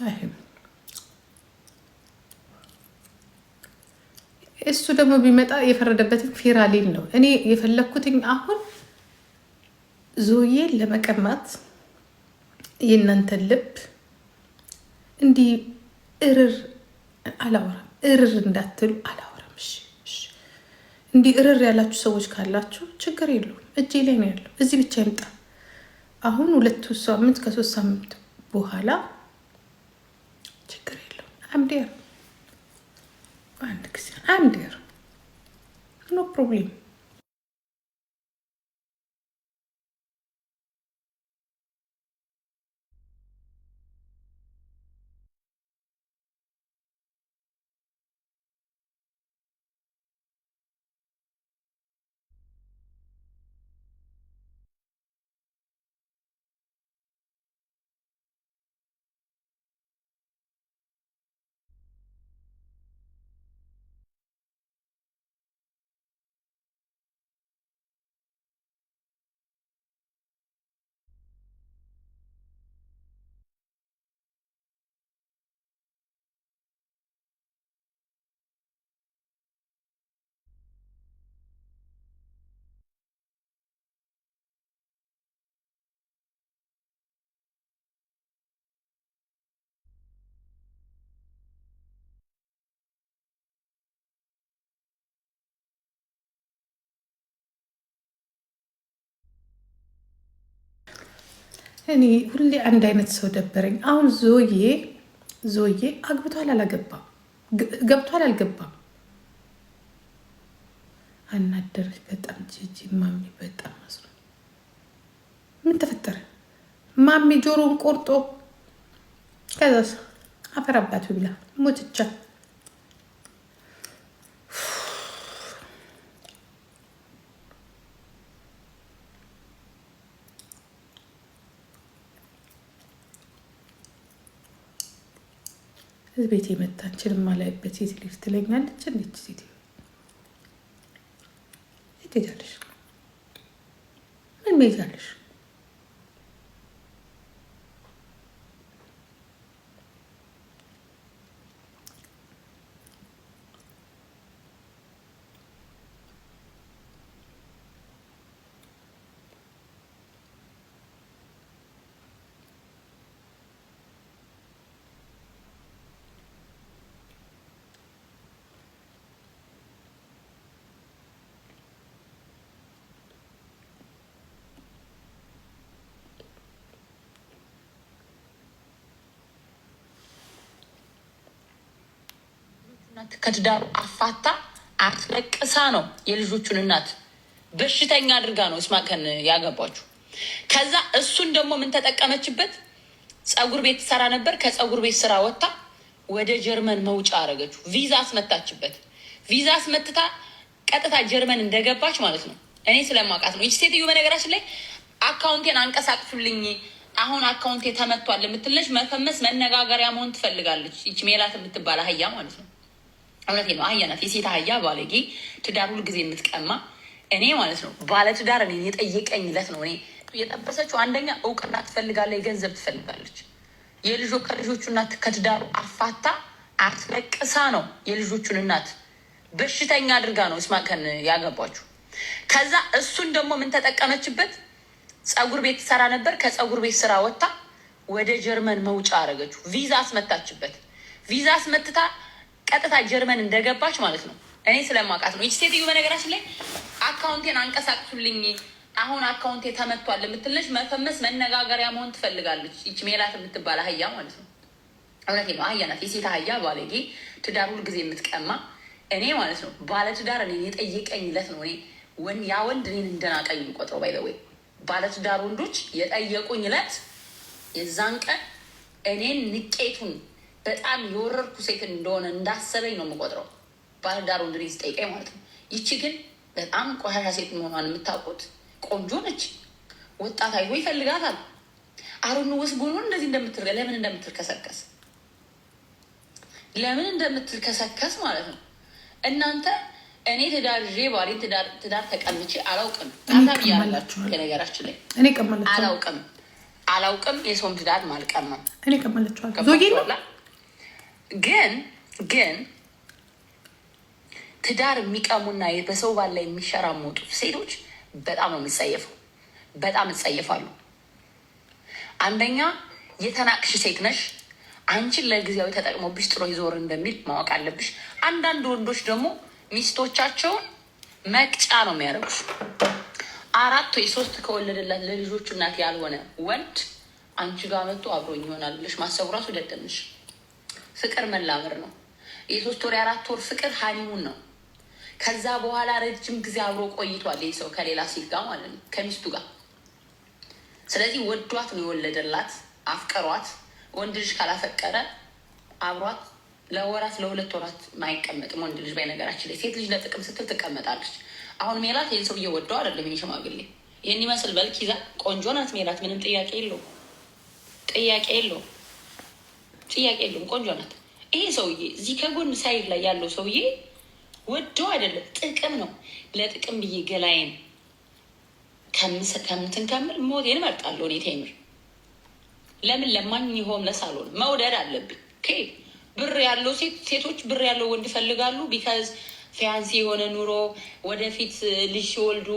ሳይም እሱ ደግሞ ቢመጣ የፈረደበትን ፌራሌል ነው። እኔ የፈለግኩትኝ አሁን ዞዬን ለመቀማት የእናንተን ልብ እንዲህ እርር አላወራም፣ እርር እንዳትሉ አላወራም። እንዲህ እርር ያላችሁ ሰዎች ካላችሁ ችግር የለውም፣ እጄ ላይ ነው ያለው። እዚህ ብቻ ይምጣ። አሁን ሁለት ሳምንት ከሶስት ሳምንት በኋላ ችግር የለውም። አምዴር አንድ ጊዜ አምዴር ኖ ፕሮብሌም እኔ ሁሌ አንድ አይነት ሰው ደበረኝ። አሁን ዞዬ ዞዬ አግብቷል አላገባም፣ ገብቷል አልገባም አናደረች በጣም ጂጂ። ማሚ በጣም መስሎ ምን ተፈጠረ? ማሚ ጆሮን ቆርጦ ከዛ አፈር አባቱ ብላ ሞትቻ ቤት የመታችን የማላይበት ሴት ልጅ ትለኛለች። እንዴት ሴት ትሄጃለሽ? ምን ትሄጃለሽ? እናት ከትዳሩ አፋታ አስለቅሳ ነው የልጆቹን እናት በሽተኛ አድርጋ ነው እስማከን ያገባችሁ። ከዛ እሱን ደግሞ ምን ተጠቀመችበት? ፀጉር ቤት ትሰራ ነበር። ከፀጉር ቤት ስራ ወጥታ ወደ ጀርመን መውጫ አረገችው። ቪዛ አስመታችበት። ቪዛ አስመትታ ቀጥታ ጀርመን እንደገባች ማለት ነው። እኔ ስለማውቃት ነው ይች ሴትዮ። በነገራችን ላይ አካውንቴን አንቀሳቅሱልኝ አሁን አካውንቴ ተመቷል የምትለች መፈመስ መነጋገሪያ መሆን ትፈልጋለች። ይች ሜላት የምትባል አህያ ማለት ነው። እውነቴ ነው። አህያ ናት፣ የሴት አህያ ባለጌ፣ ትዳር ሁል ጊዜ የምትቀማ እኔ ማለት ነው። ባለ ትዳር እኔ የጠየቀኝ ለት ነው እኔ የጠበሰችው። አንደኛ እውቅና ትፈልጋለች፣ ገንዘብ ትፈልጋለች። የልጆ ከልጆቹ እናት ከትዳሩ አፋታ አትለቅሳ ነው የልጆቹን እናት በሽተኛ አድርጋ ነው እስማከን ያገባችሁ። ከዛ እሱን ደግሞ ምን ተጠቀመችበት? ፀጉር ቤት ትሰራ ነበር። ከፀጉር ቤት ስራ ወጥታ ወደ ጀርመን መውጫ አረገችው። ቪዛ አስመታችበት። ቪዛ አስመትታ ቀጥታ ጀርመን እንደገባች ማለት ነው። እኔ ስለማውቃት ነው። ይቺ ሴትዮ በነገራችን ላይ አካውንቴን አንቀሳቅሱልኝ አሁን አካውንቴ ተመቷል የምትልነች መፈመስ መነጋገሪያ መሆን ትፈልጋለች። ይቺ ሜላት የምትባል አህያ ማለት ነው። እውነቴ ነው። አህያ ናት። የሴት አህያ ባለጌ፣ ትዳር ሁልጊዜ የምትቀማ እኔ ማለት ነው። ባለትዳር እኔ የጠየቀኝ ለት ነው እኔ ወን ያ ወንድ እኔን እንደናቀኝ ቆጥረው ባይ ወይ ባለትዳር ወንዶች የጠየቁኝ ለት የዛን ቀን እኔን ንቄቱን በጣም የወረርኩ ሴት እንደሆነ እንዳሰበኝ ነው የምቆጥረው። ባለዳሩ እንድን ስጠይቀኝ ማለት ነው። ይቺ ግን በጣም ቆሻሻ ሴት መሆኗን የምታውቁት ቆንጆ ነች። ወጣት አይሆ ይፈልጋታል። አሮን ውስ ጎኖ እንደዚህ እንደምትር ለምን እንደምትልከሰከስ ለምን እንደምትልከሰከስ ማለት ነው። እናንተ እኔ ትዳር ዤ ባሌን ትዳር ተቀምቼ አላውቅም። ታታብ ያላችሁ ነገራችን ላይ እኔ ቀመላችሁ አላውቅም አላውቅም። የሰውን ትዳር ማልቀም ነው። እኔ ቀመለችኋል ዞጌ ግን ግን ትዳር የሚቀሙና በሰው ባል ላይ የሚሸራመጡ ሴቶች በጣም ነው የምጸየፈው፣ በጣም ይጸየፋሉ። አንደኛ የተናቅሽ ሴት ነሽ። አንቺን ለጊዜያዊ ተጠቅሞብሽ ጥሎ ይዞር እንደሚል ማወቅ አለብሽ። አንዳንድ ወንዶች ደግሞ ሚስቶቻቸውን መቅጫ ነው የሚያደርጉሽ። አራት ወይ ሶስት ከወለደላት ለልጆቹ እናት ያልሆነ ወንድ አንቺ ጋር መጥቶ አብሮኝ ይሆናል ብለሽ ማሰቡ ራሱ ደደምሽ። ፍቅር መላበር ነው። የሶስት ወር የአራት ወር ፍቅር ሀኒሙን ነው። ከዛ በኋላ ረጅም ጊዜ አብሮ ቆይቷል ይህ ሰው ከሌላ ሴት ጋር ማለት ነው ከሚስቱ ጋር። ስለዚህ ወዷት ነው የወለደላት አፍቀሯት። ወንድ ልጅ ካላፈቀረ አብሯት ለወራት ለሁለት ወራት አይቀመጥም ወንድ ልጅ። በነገራችን ላይ ሴት ልጅ ለጥቅም ስትል ትቀመጣለች። አሁን ሜላት ይህን ሰው እየወደው አይደለም። ይህ ሽማግሌ ይህን ይመስል በልክ ይዛ ቆንጆ ናት ሜላት፣ ምንም ጥያቄ የለው ጥያቄ የለውም። ጥያቄ የለውም። ቆንጆ ናት። ይሄ ሰውዬ እዚህ ከጎን ሳይድ ላይ ያለው ሰውዬ ወዶ አይደለም ጥቅም ነው። ለጥቅም ብዬ ገላዬን ከምትን ከምል ሞቴን እመርጣለሁ። እኔ ቴምር ለምን ለማኝ ሆምለስ አልሆንም? መውደድ አለብኝ። ብር ያለው ሴት ሴቶች ብር ያለው ወንድ ይፈልጋሉ። ቢካዝ ፊያንሲ የሆነ ኑሮ ወደፊት ልጅ ሲወልዱ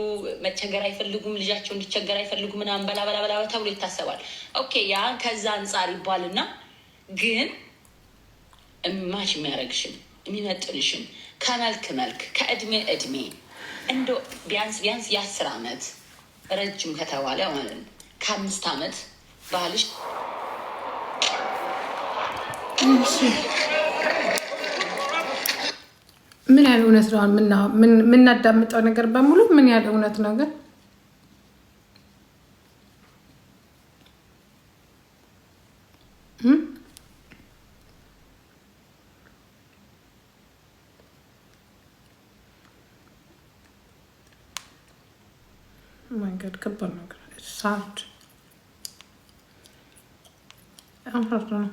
መቸገር አይፈልጉም፣ ልጃቸው እንዲቸገር አይፈልጉም ምናምን በላ በላ በላ ተብሎ ይታሰባል። ኦኬ ያ ከዛ አንጻር ይባልና ግን ማች የሚያረግሽም የሚመጥንሽን ከመልክ መልክ ከእድሜ እድሜ እንደ ቢያንስ ቢያንስ የአስር ዓመት ረጅም ከተባለ ማለት ከአምስት ዓመት ባህልሽ ምን ያህል እውነት ነው? የምናዳምጠው ነገር በሙሉ ምን ያህል እውነት ነገር Market Kapanık. Salt. Enflasyonu.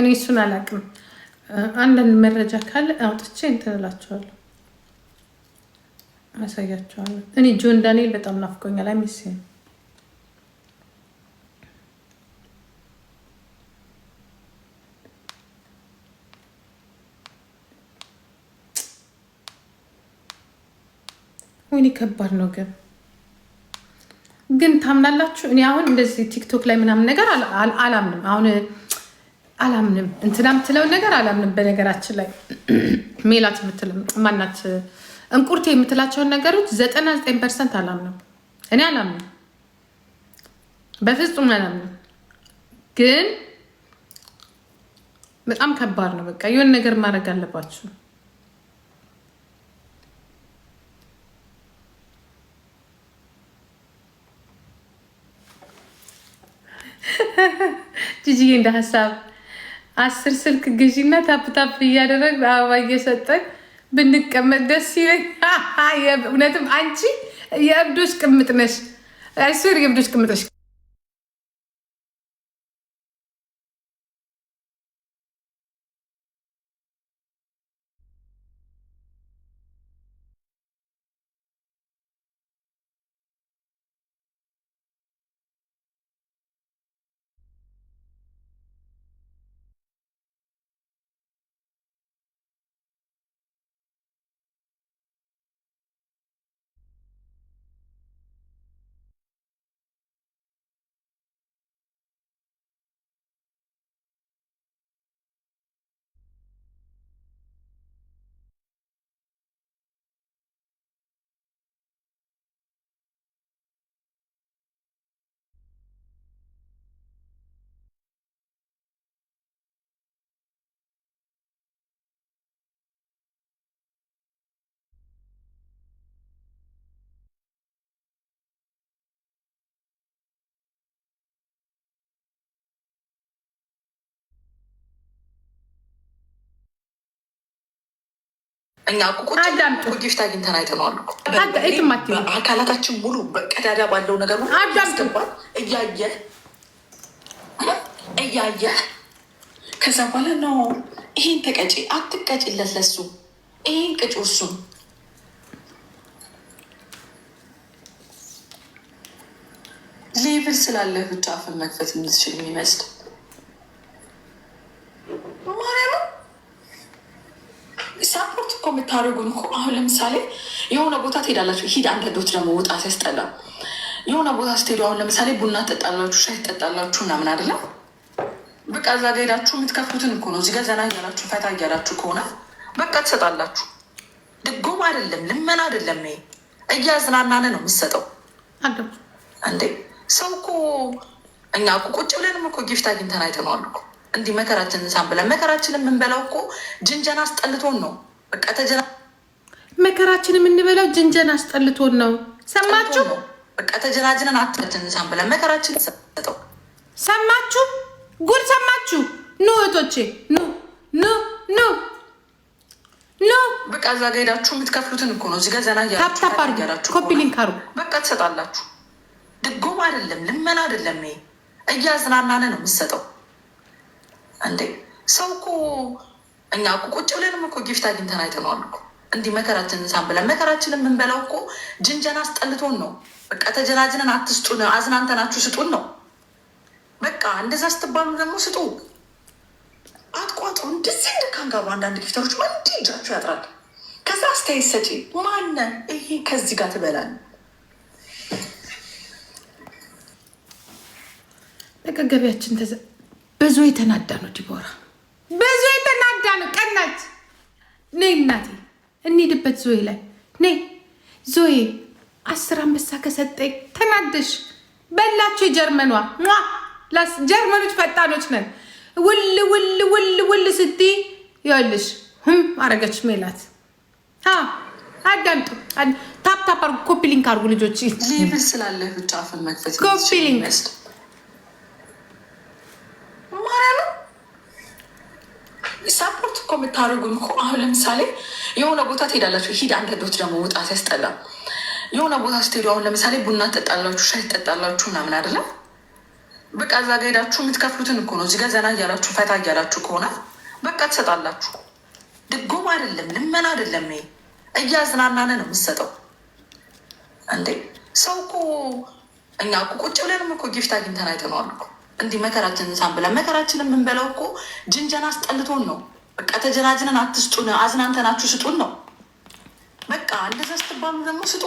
እኔ እሱን አላውቅም። አንዳንድ መረጃ ካለ አውጥቼ እንትን እላቸዋለሁ፣ አሳያቸዋለሁ። እኔ ጆን ዳንኤል በጣም ናፍቆኛል። አሚስ ወይኔ ከባድ ነው ግን ግን ታምናላችሁ? እኔ አሁን እንደዚህ ቲክቶክ ላይ ምናምን ነገር አላምንም አሁን አላምንም እንትና የምትለውን ነገር አላምንም። በነገራችን ላይ ሜላት የምትለው ማናት እንቁርቴ የምትላቸውን ነገሮች ዘጠና ዘጠኝ ፐርሰንት አላምንም። እኔ አላምንም፣ በፍጹም አላምንም። ግን በጣም ከባድ ነው። በቃ የሆነ ነገር ማድረግ አለባችሁ። ጂጂዬ እንደ ሀሳብ አስር ስልክ ግዢና ታፕታፕ እያደረግ አበባ እየሰጠን ብንቀመጥ ደስ ይለኝ። እውነትም አንቺ የእብዶች ቅምጥ ነሽ። አይሱር የእብዶች ቅምጥ ነሽ። እኛ ቁጭቁጭ አግኝተን አይተነዋል። አካላታችን ሙሉ በቀዳዳ ባለው ነገር አዳምጥባል እያየ እያየ ከዛ በኋላ ነው ይሄን ተቀጪ አትቀጪለት፣ ለሱ ይሄን ቅጭ እሱ ሌብል ስላለህ ብቻ አፍን መክፈት የምትችል የሚመስል ማርያም ሳፖርት እኮ የምታደርጉን እኮ አሁን ለምሳሌ የሆነ ቦታ ትሄዳላችሁ። ሂድ አንዳንዶች ደግሞ መውጣት ያስጠላ። የሆነ ቦታ ስትሄዱ አሁን ለምሳሌ ቡና ትጠጣላችሁ፣ ሻይ ትጠጣላችሁ ምናምን አይደለም። በቃ እዛ ጋ ሄዳችሁ የምትከፍቱትን እኮ ነው። እዚህ ጋ ዘና እያላችሁ ፈታ እያላችሁ ከሆነ በቃ ትሰጣላችሁ። ድጎም አይደለም ልመና አይደለም። ይሄ እያዝናናን ነው የምትሰጠው እንዴ። ሰው እኮ እኛ ቁጭ ብለንም እኮ ጊፍት አግኝተን አይተነዋል እኮ እንዲህ መከራችን እንሳን ብለን መከራችንን የምንበላው እኮ ጅንጀና አስጠልቶን ነው። በቃ ተጀና መከራችን የምንበላው ጅንጀና አስጠልቶን ነው። ሰማችሁ? በቃ ተጀናጅነን አትችን ብለን መከራችን ሰጠው። ሰማችሁ? ጉድ ሰማችሁ? ኑ እህቶቼ፣ ኑ ኑ ኑ ኖ በቃ እዛ ጋ ሄዳችሁ የምትከፍሉትን እኮ ነው። እዚጋ ዘና ያላችሁ ኮፒሊንክ አሩ በቃ ትሰጣላችሁ። ድጎም አይደለም ልመና አይደለም፣ ይሄ እያዝናናነ ነው የምትሰጠው። አንዴ ሰው እኮ እኛ እኮ ቁጭ ብለንም እኮ ጊፍት አግኝተን አይተነዋል እኮ እንዲህ መከራችንን ሳንበላን መከራችንን የምንበላው እኮ ጅንጀና አስጠልቶን ነው። በቃ ተጀናጅነን አትስጡን፣ አዝናንተናችሁ ስጡን ነው በቃ። እንደዛ ስትባሉ ደግሞ ስጡ አትቋጥሩ። እንደዚህ እንደካን ጋር አንዳንድ ጊፍተሮች እንዲ እጃችሁ ያጥራል። ከዛ አስተያየት ሰጪ ማነ ይሄ ከዚህ ጋር ትበላል። በቃ ገቢያችን ብዙ የተናዳ ነው ዲቦራ፣ ብዙ የተናዳ ነው። ቀናች ነይ እናቴ እንሂድበት ዞዬ ላይ ነይ ዞዬ አስር አንበሳ ከሰጠኝ ተናደሽ በላቸው። የጀርመኗ ጀርመኖች ፈጣኖች ነን። ውል ውል ውል ውል ስቲ ይኸውልሽ ሁም አረገች ሜላት። አዳምጡ ታፕታፕ ኮፒ ሊንክ አርጉ ልጆች። ይህ ምስላለህ ብቻ መክፈት ኮፒ ሊንክ ሰፖርት እኮ የምታደርጉም እኮ አሁን ለምሳሌ የሆነ ቦታ ትሄዳላችሁ። ሂድ አንድ ዶት ደግሞ ውጣት ያስጠላ። የሆነ ቦታ ስትሄዱ አሁን ለምሳሌ ቡና ትጠጣላችሁ፣ ሻይ ትጠጣላችሁ ምናምን አይደለም። በቃ እዛ ጋ ሄዳችሁ የምትከፍሉትን እኮ ነው። እዚጋ ዘና እያላችሁ ፈታ እያላችሁ ከሆነ በቃ ትሰጣላችሁ። ድጎም አይደለም ልመና አይደለም። ይሄ እያዝናናነ ነው የምትሰጠው እንዴ። ሰው እኮ እኛ ቁጭ ብለንም እኮ ጊፍት አግኝተን አይተነዋል እኮ እንዲህ እንሳን ሳንብላ መከራችንን የምንበለው እኮ ጅንጀና አስጠልቶን ነው። በቃ ተጀናጅነን አትስጡን፣ አዝናንተናችሁ ስጡን ነው። በቃ እንደዛ ስትባሉ ደግሞ ስጡ